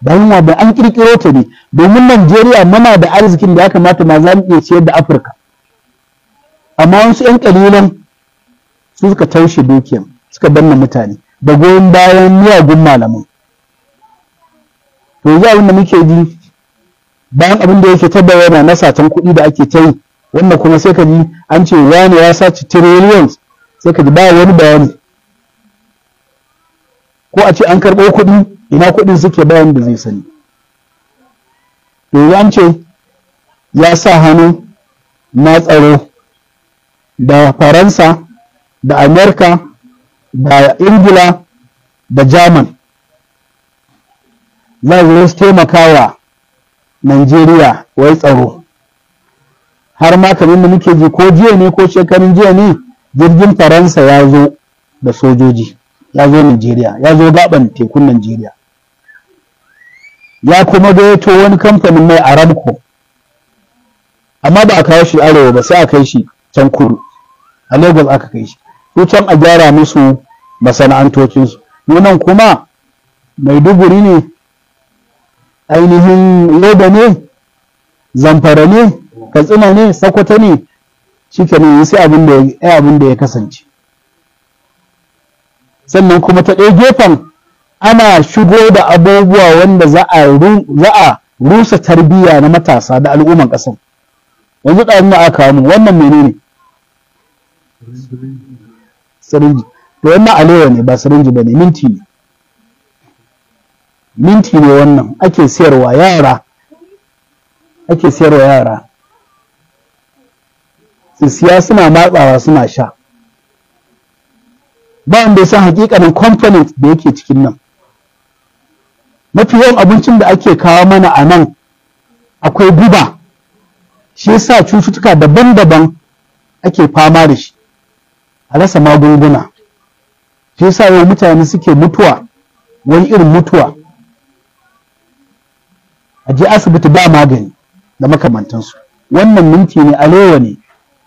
bayan da an kirkiro ta ne domin Najeriya muna da arzikin da ya kamata ma za mu iya ciyar da Afirka amma wasu 'yan kalilan su suka taushe dukiyan suka danna mutane da goyon bayan miyagun malamai to yanzu da muke ji bayan abin da yake ta bayyana na satan kuɗi da ake ta yi wannan kuma sai ka ji an ce wani ya sace trillions sai ka ji ba wani bayani ko a ce an karɓo kuɗi ina kuɗin suke bayan da zai sani to ya ce ya sa hannu na tsaro da faransa da amerika da ingila da german za su su taimakawa Najeriya wai tsaro har ma kamar da muke ji ko jiya ne ko shekarun jiya ne jirgin faransa ya zo da sojoji ya zo Najeriya ya zo gaban tekun Najeriya ya kuma gayyato wani kamfanin mai aramco amma ba a kawo shi arewa ba sai a kai shi can kudu a lagos aka kai shi Ko can a gyara musu masana'antocinsu nunan kuma maiduguri ne ainihin leda ne zamfara ne katsina ne sakwata ne shi nan sai abin da ya kasance sannan kuma ta ɗaya gefen ana shigo da abubuwa wanda za a rusa tarbiyya na matasa da al'umman ƙasar yanzu ɗarin na aka mu wannan menene sirinji to wannan alewa ne ba sirinji ba ne minti ne minti ne wannan ake siyarwa yara ake siyarwa yara su siya suna matsawa suna sha ba wanda ya san hakikanin component da yake cikin nan mafi yawan abincin da ake kawo mana a nan akwai guba shi ya sa cututtuka daban-daban ake fama da shi a rasa magunguna shi ya sa yau mutane suke mutuwa wani irin mutuwa a je asibiti ba magani da makamantansu wannan minti ne alewa ne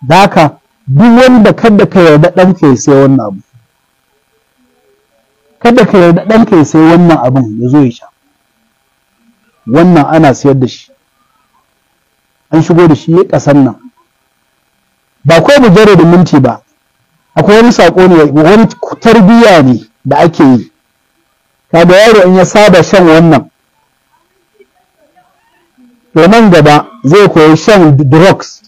da haka duk wanda kada ka yarda ka ya sai wannan abu kada ka yarda ka ya sai wannan abun ya zo ya sha wannan ana sayar da shi an shigo da shi ƙasar nan ba kawai da minti ba akwai wani sako ne wani tarbiyya ne da ake yi kaga yaro in ya saba shan wannan to nan gaba zai koyi shan drugs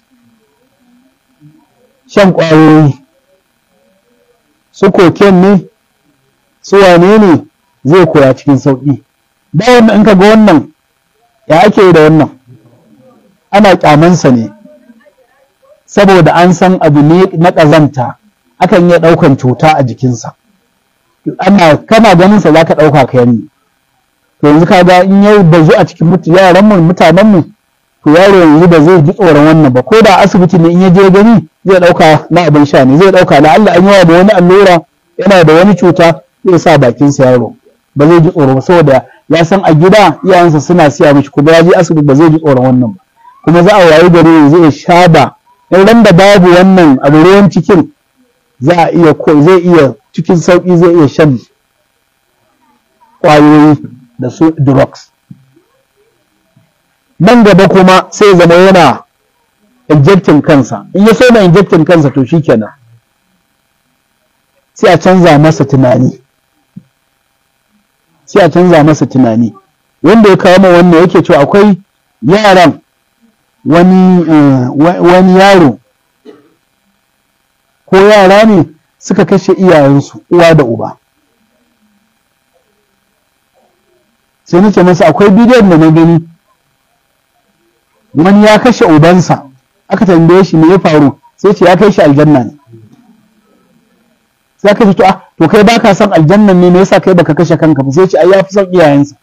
shan ƙwayoyi su koken ne su wane ne zai koya cikin sauƙi bayan in ka ga wannan ya ake da wannan ana kyamansa ne saboda an san abu ne na ƙazanta akan iya ɗaukan cuta a jikinsa ana kana ganin sa zaka ɗauka ka yanni to yanzu ka ga in yau bazu a cikin yaran mu mutanen mu to yaro yanzu ba zai ji tsoron wannan ba ko da asibiti ne in ya je gani zai ɗauka na abin sha ne zai ɗauka la Allah an yawa da wani allura yana da wani cuta zai sa bakin sa yaro ba zai ji tsoro saboda ya san a gida iyayensa suna siya mishi kuma ya je asibiti ba zai ji tsoron wannan ba kuma za a wayi gari zai shaba in ran da babu wannan a ruwan cikin za a iya ko zai iya cikin sauki zai iya shan kwayoyi da su drugs nan gaba kuma sai zama yana injectin kansa in ya so na injectin kansa to shikenan sai a canza masa tunani sai a canza masa tunani wanda ya kawo wannan yake cewa akwai yaran wani eh, wani yaro ko yara ne suka kashe iyayensu uwa da uba sai nake masa akwai bidiyon da na gani wani ya kashe ubansa aka tambaye shi me ya faru sai ce ya kai shi aljanna ne za ka to ah to kai baka son aljannan ne me yasa kai baka kashe kanka ba sai ce ai yafi son iyayensa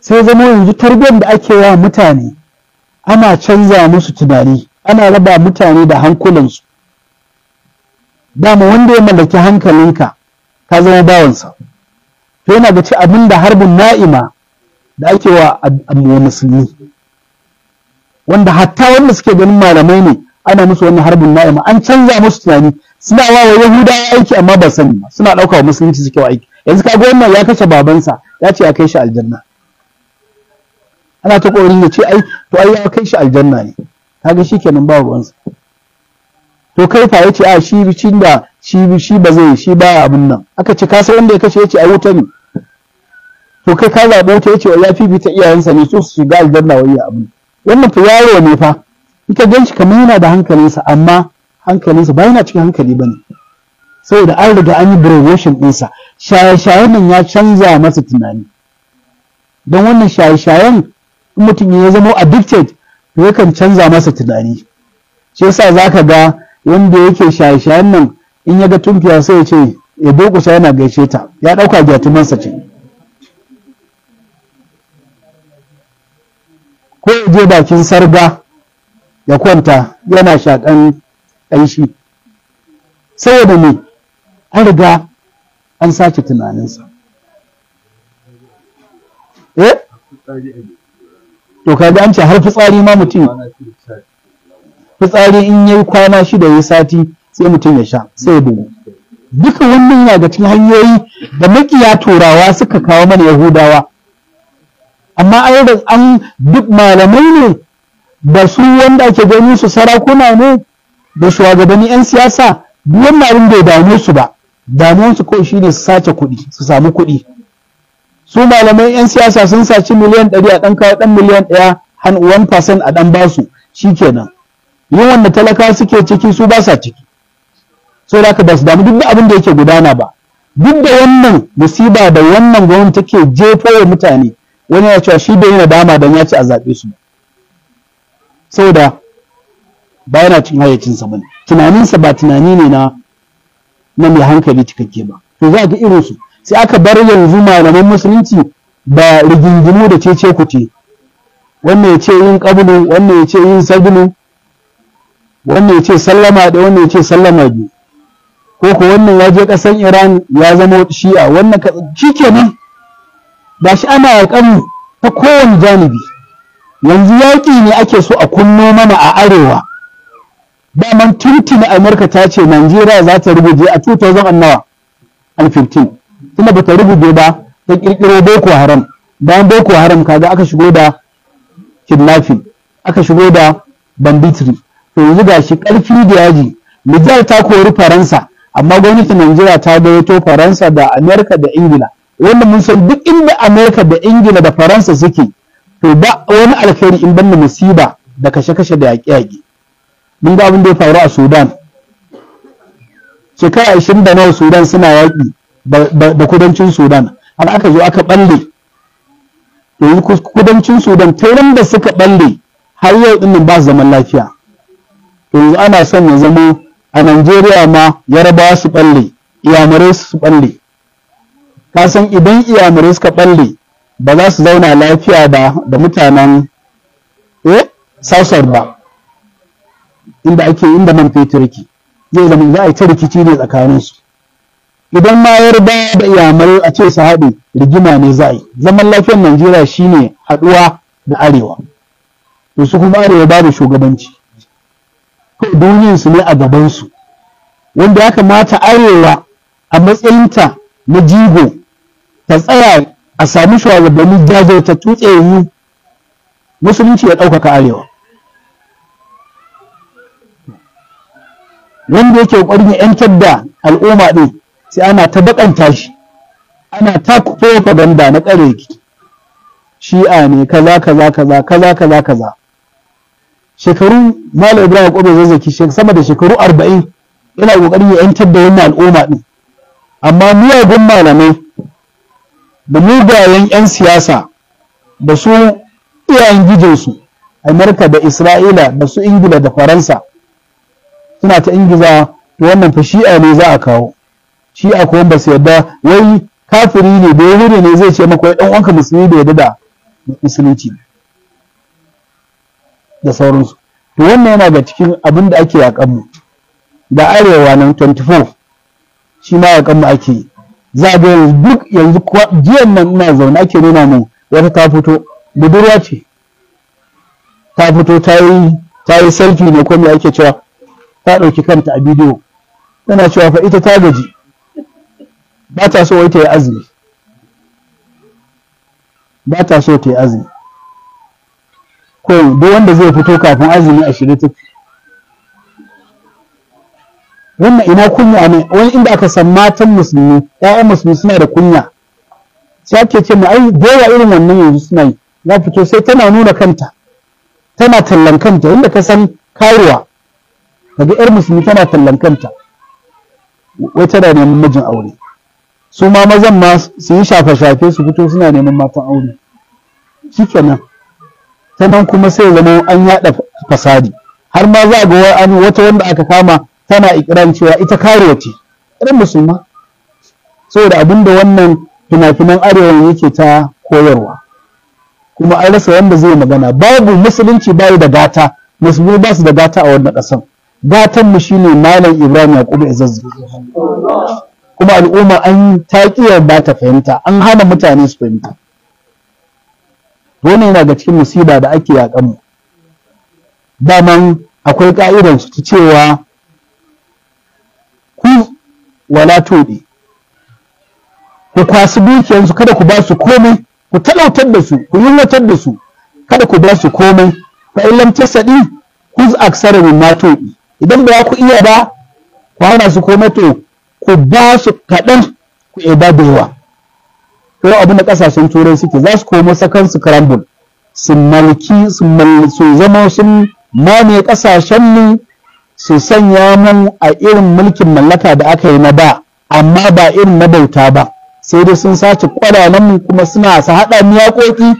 sai zama yanzu tarbiyyar da ake wa mutane ana canza musu tunani ana raba mutane da hankulansu dama wanda ya mallaki hankalinka ka zama bawansa to yana ga ci abin da harbin na'ima da ake wa musulmi wanda hatta wanda suke ganin malamai ne ana musu wannan harbin na'ima an canza musu tunani suna wa yahuda aiki amma ba sani ba suna ɗauka wa musulunci suke wa aiki yanzu kaga wannan ya kashe babansa ya ce ya kai shi aljanna ana ta ƙoƙarin da ce ai to ai ya kai shi aljanna ne kaga kenan ba babansa. to kai fa yace a shi bicin da shi shi ba zai shi ba abin nan aka ce kasa wanda ya kashe yace ai wuta ne to kai ka zaɓo ta yace ya fifita iyayensa ne su su shiga aljanna wai abin wannan fa yaro ne fa ita gan shi kamar yana da hankalinsa amma hankalinsa ba yana cikin hankali ba ne saboda an riga an yi brainwashing ɗinsa shaye shaye nan ya canza masa tunani don wannan shaye-shayen in mutum ya zama addicted to yakan canza masa tunani shi yasa ka ga wanda yake shaye-shayen nan in ya ga tunkiya sai ya ce ya dokusa yana gaishe ta ya ɗauka gyatumansa ce ko ya je bakin sarga ya kwanta yana shaɗan ƙanshi ya me an riga an sace tunaninsa eh to kaga an ce har fitsari ma mutum fitsari in yayi kwana shida yayi sati sai mutum ya sha sai bugu duka wannan yana ga cikin hanyoyi da makiya turawa suka kawo mana yahudawa amma an duk malamai ne da su wanda ake gani su sarakuna ne da shugabanni 'yan siyasa duk wannan abin bai dame su ba su kawai shine su sace kuɗi su samu kuɗi su malaman 'yan siyasa sun saci miliyan ɗari a ɗan kawo ɗan miliyan ɗaya han 1% a ɗan basu shikenan yin wanda talaka suke ciki su ba sa ciki so da ka ba su damu duk da abin da yake gudana ba duk da wannan musiba da wannan gwamnati take jefo wa mutane wani ya cewa shi bai yana dama don ya ci a zaɓe su ba saboda ba yana cikin hayyacinsa bane tunaninsa ba tunani ne na na mai hankali cikakke ba to za a ga irinsu sai aka bar yanzu malaman musulunci ba rigingimu da cece kuce wannan ya ce yin ƙabulu wannan ya ce yin sabulu wannan ya ce sallama da wannan ya ce sallama biyu ko ko wannan ya je ƙasan iran ya zama shi'a wannan shi kenan ba shi ana yaƙan ta kowane janibi yanzu yaƙi ne ake so a kunno mana a arewa Ba daman na amurka ta ce najeriya za ta rubuce a 2015 tunda ba ta rubuce ba ta ƙirƙiro boko haram bayan boko haram kaga aka shigo da kidnapping aka shigo da banditry to yanzu ga shi ƙarfi da yaji nijar ta kori faransa amma gwamnatin najeriya ta gayyato faransa da amurka da ingila wanda mun san duk inda amurka da ingila da faransa suke to ba wani alkhairi in banna musiba da kashe-kashe da yaƙe-yaƙe mun ga abin da ya faru a sudan shekara ashirin da nawa sudan suna yaƙi da kudancin sudan har aka zo aka balle to kudancin sudan tauran da suka balle har yau din ba zaman lafiya to yanzu ana son ya zama a najeriya ma yarabawa su balle iyamurai su balle ka san idan iyamurai suka balle ba za su zauna lafiya ba da mutanen eh sausar ba inda ake inda man fetur zai zama za a yi ta rikici ne su idan ma yarda da iyamar a ce su haɗe rigima ne za a yi zaman lafiyar najeriya shine haɗuwa da arewa to su kuma arewa ba da shugabanci duniyan su ne a gabansu wanda ya kamata arewa a matsayinta na jigo ta tsaya a sami shugabanni jajirtattu yi. musulunci ya ɗaukaka arewa wanda yake ƙoƙarin ya yantar da al'umma ɗin sai ana ta baƙanta shi ana ta propaganda na ƙare shi'a ne kaza kaza kaza kaza kaza kaza shekaru malam ibrahim kobe zazzaki sama da shekaru arba'in yana ƙoƙarin ya yantar da wannan al'umma ɗin amma miyagun malamai da mugayen 'yan siyasa da su iyayen gijinsu amurka da isra'ila da su ingila da faransa suna ta ingiza to wannan fa shi'a ne za a kawo shi'a kuma ba su yarda wai kafiri ne da yahudi ne zai ce maka dan uwanka musulmi da yadda da musulunci da sauransu to wannan yana ga cikin abin da ake yakan mu da arewa nan 24 shi ma yakan mu ake za ga duk yanzu kuwa jiyan nan ina zaune ake nuna mu wata ta fito budurwa ce ta fito ta yi ta yi selfie ne ko me ake cewa ta ɗauki kanta a bidiyo tana cewa fa ita ta gaji ba ta so wai ta yi azumi ba ta so ta yi azumi ko duk wanda zai fito kafin azumi a shirye take wannan ina kunya ne wani inda aka san matan musulmi ƴaƴan musulmi suna da kunya sai ake ce mu ai da irin wannan yanzu suna yi za fito sai tana nuna kanta tana tallan kanta inda ka san karuwa daga ƴar musulmi tana tallan kanta wai tana neman mijin aure su ma mazan ma su yi shafe-shafe su fito suna neman matan aure shikenan ta nan kuma sai zama an yaɗa fasadi har ma za a ga wata wanda aka kama tana ikirarin cewa ita karuwa ce irin musulma saboda abin da wannan fina-finan arewa yake ta koyarwa kuma an rasa wanda zai magana babu musulunci bayi da gata musulmi ba su da gata a wannan ƙasan gatan mu shine malam ibrahim yakubu izazzi kuma al'umma an taƙiyar ba ta fahimta an hana mutane su fahimta wannan yana ga cikin musiba da ake yaƙan mu daman akwai ka'idansu ta cewa wala tobe ku kwasi dukiyansu kada ku ba su komai ku talautar da su ku yunwatar da su kada ku ba su komai fa illam lam tasadi kuz aksara min ma idan ba ku iya ba ku hana su komai to ku ba su kaɗan ku eba da yawa to abin da kasashen turai suke za su komo sakan su karambul su malki su zama sun mamaye kasashen mu su sanya mu a irin mulkin mallaka da aka yi na da amma ba irin na bauta ba sai dai sun sace mu kuma suna su haɗa mu yaƙoƙi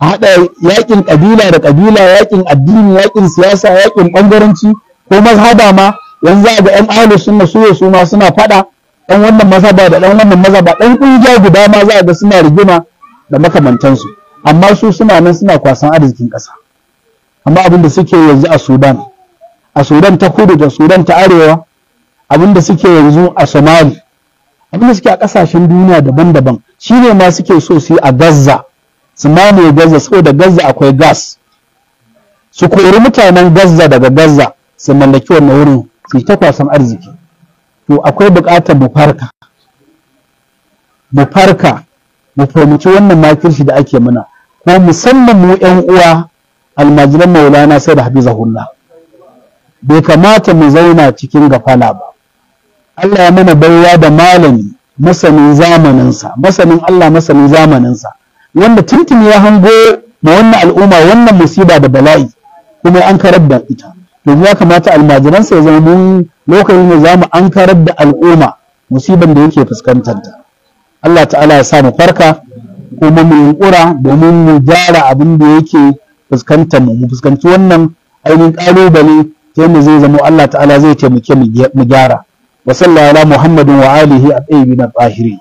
haɗa yaƙin ƙabila da ƙabila yaƙin addini yaƙin siyasa yaƙin ɓangaranci ko mazhaba ma yanzu a ga 'yan ahli sunna su su ma suna faɗa ɗan wannan mazhaba da ɗan wannan mazhaba ɗan ƙungiya guda ma za ga suna rigima da makamantansu amma su suna nan suna kwasan arzikin ƙasa amma abin da suke yanzu a sudan a sudan ta kudu da sudan ta arewa abinda suke yanzu a somali abinda suke a kasashen duniya daban-daban shine ma suke so su yi a gaza su mamaye gaza saboda gaza akwai gas su kori mutanen gaza daga gaza su mallaki wannan wurin su ta kwasan arziki to akwai bukatar mu farka mu fahimci wannan makirci da ake muna ko musamman mu 'yan uwa almajiran maulana sai da hafizahullah bai kamata mu zauna cikin gafala ba Allah ya mana baiwa da malami masanin zamaninsa masanin Allah masanin zamaninsa wanda Tuntun ya hango ma wannan al'umma wannan musiba da bala'i kuma an karar da ita to ya kamata almajiransa ya zama mun lokacin da zamu an karar da al'umma musiban da yake fuskantar ta Allah ta'ala ya sa mu farka kuma mu yunkura domin mu gyara abin da yake fuskantar mu mu fuskanci wannan ainihin ƙalubale sai mu zai zama Allah ta'ala zai taimake mu gyara wa sallallahu ala muhammadin wa alihi a biyu na tsahiri